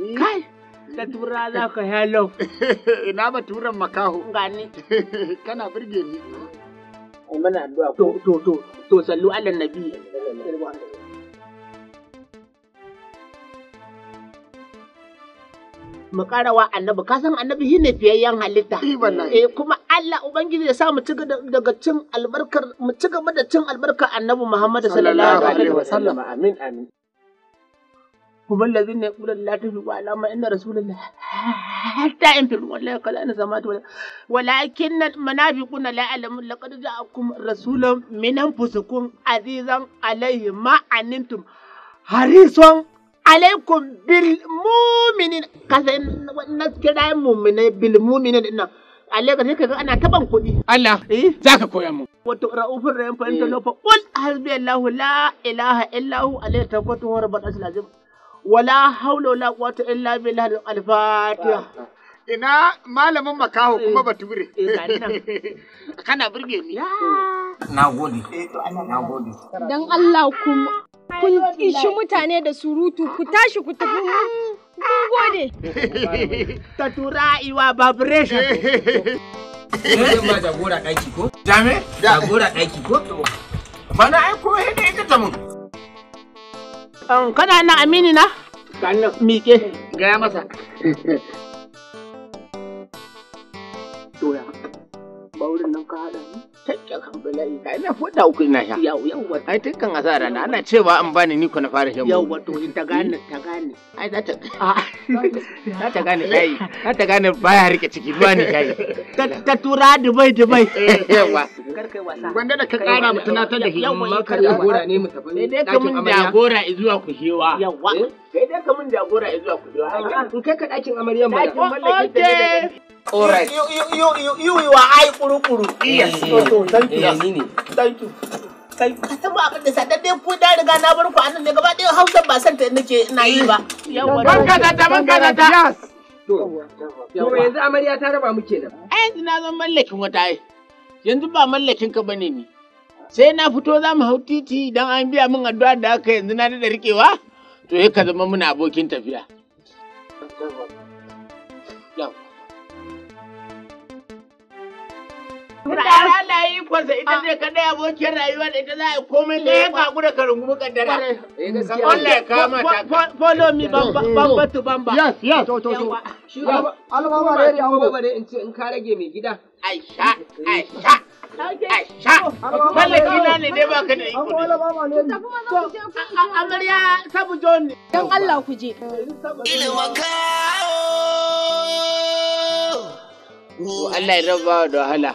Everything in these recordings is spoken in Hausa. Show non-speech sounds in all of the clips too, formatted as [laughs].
Kai! Ta tura za ka hello. [laughs] Ina ba turan makaho. Gani. [laughs] Kana birge ni. mana addu'a ko. To to to sallu ala nabi. mu annabi ka san annabi shine fiyayyen halitta eh, eh kuma Allah ubangiji ya sa mu ci daga cin albarkar mu ci gaba da cin albarkar annabi Muhammad sallallahu alaihi wasallam amin amin هم الذين يقولون لا تنفقوا على ما ان رسول الله حتى ينفقوا والله قال انا سمعت ولا ولكن المنافقون لا يعلمون لقد جاءكم رسول من انفسكم عزيزا عليه ما عنتم حريص عليكم بالمؤمنين كذا الناس كده مؤمنين بالمؤمنين إنه Allah ka ka ga ana taban kuɗi. Allah za ka koya mu. Wato ra'ufin rayan fahimta lofa ƙul hasbi Allahu la ilaha illahu alaihi tabbatu wa rabbal azim. ولا حول ولا قوة illa بالله الفاتحة ina malamin makaho kuma eh, bature eh, [laughs] kana burge ni na gode eh, na gode dan Allah kuma kun ishi mutane da surutu ku tashi ku tafi ah, mu gode [laughs] ta tura iwa vibration [laughs] Yin ba jagora daki ko? Jame? Jagora daki ko? Mana ai ko hede ita ta mun. Um, kana nan amini na? Kana. Mike. Gaya masa. Doya. Baurin nan ka haɗa ni? kan bala'i. Ai na fuɗa uku ina sha. Yau yau wata. Ai kan asara na ana cewa an bani ni ku na fara shan. Yau wato ta gane ta gane. Ai za ta. Ah. Za ta gane shayi. Za ta gane baya rike ciki ba ni shayi. Ta tura dubai dubai. Eh, Yawa. kar kai wasa da ka kara mu tunatar da shi jagora ne mu tafi sai dai ka mun jagora zuwa kushewa yawa eh? sai dai ka mun jagora zuwa kushewa in kai ka dakin amaryan dakin mallake Alright. You, you, you, you, you, you Yes. so, so, thank you. thank you. kai ba abin da sa dai ku da riga na bar ku anan ne gaba Hausa ba san ta nake ina yi ba eh. yawa ban da ta banka da ta to yanzu amarya ta raba mu kenan ai eh, yanzu na zan mallakin wata ai yanzu ba mallakin ka bane ni. Sai na fito za mu hau titi idan an biya min addu'a da aka yanzu na da rikewa to ya ka zama muna abokin tafiya. Yau. Rana na yi kwasa ita ce kadai abokin rayuwa da ita za a komai da ya kaku da ka rungumi kaddara. Eh, Allah ya kama ta. Follow me mm, mm. bamba to bamba. Yes, yes. To, to, to. da yari in ce in ka rage mai gida. Aisha, Aisha. Aisha. na ne dai da iko. Amarya sabu John Dan Allah ku je. Allah ya raba da wahala.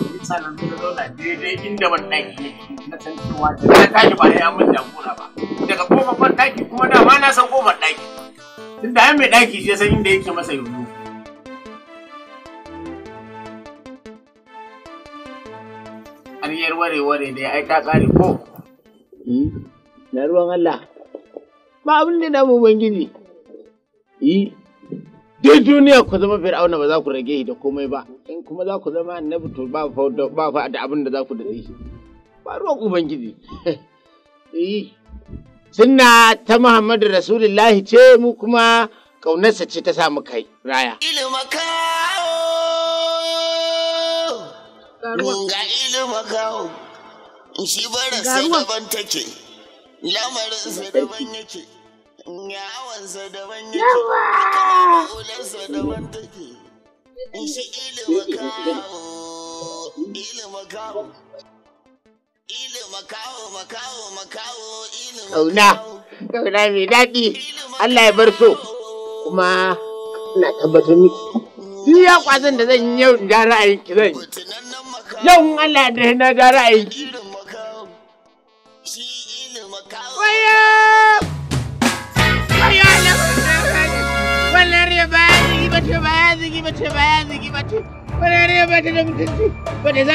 yasa na zo na ban yake na san da na ya mun daga kofar ban kuma na san kofar da mai ɗaki shi san inda yake masa yanzu. Ariyar ware-ware dai ai ta ƙare ko? Eh, na ruwan Allah. Ba abin da na Ubangiji. Yi, eh. duk duniya ku zama fir'auna ba za ku rage da komai ba. kuma za ku zama annabi to ba fa da abin da za ku daɗe shi ba ruwan ubangiji [laughs] eh sunna ta muhammadu rasulullahi ce mu kuma kaunarsa ce ta samu kai raya ga ilimin kawo shi bara sai daban take lamarinsa daban yake yawansa daban yake kamar daban take shi ilimin kawo ilimin kawo kauna kauna mai daɗi Allah ya bar so kuma na tabbatar miki ni ya kwazon da zan yau da ra'ayin ki zan yau in Allah da na da ra'ayin ki Waya! Waya! Wallahi ba ya ba bace ba ya zigi bace ba ya mace kwararriya ba ta da mutunci ba ta ba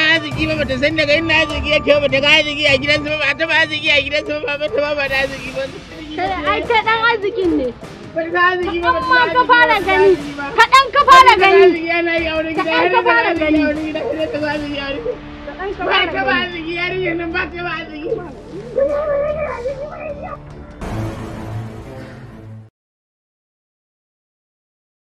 ba ta san daga ba ta ga a gidansu ba ba ta ba a gidansu ba ba ta ba ba ba ai ta dan arzikin ne ka fara gani kaɗan ka fara gani ka fara gani ka fara gani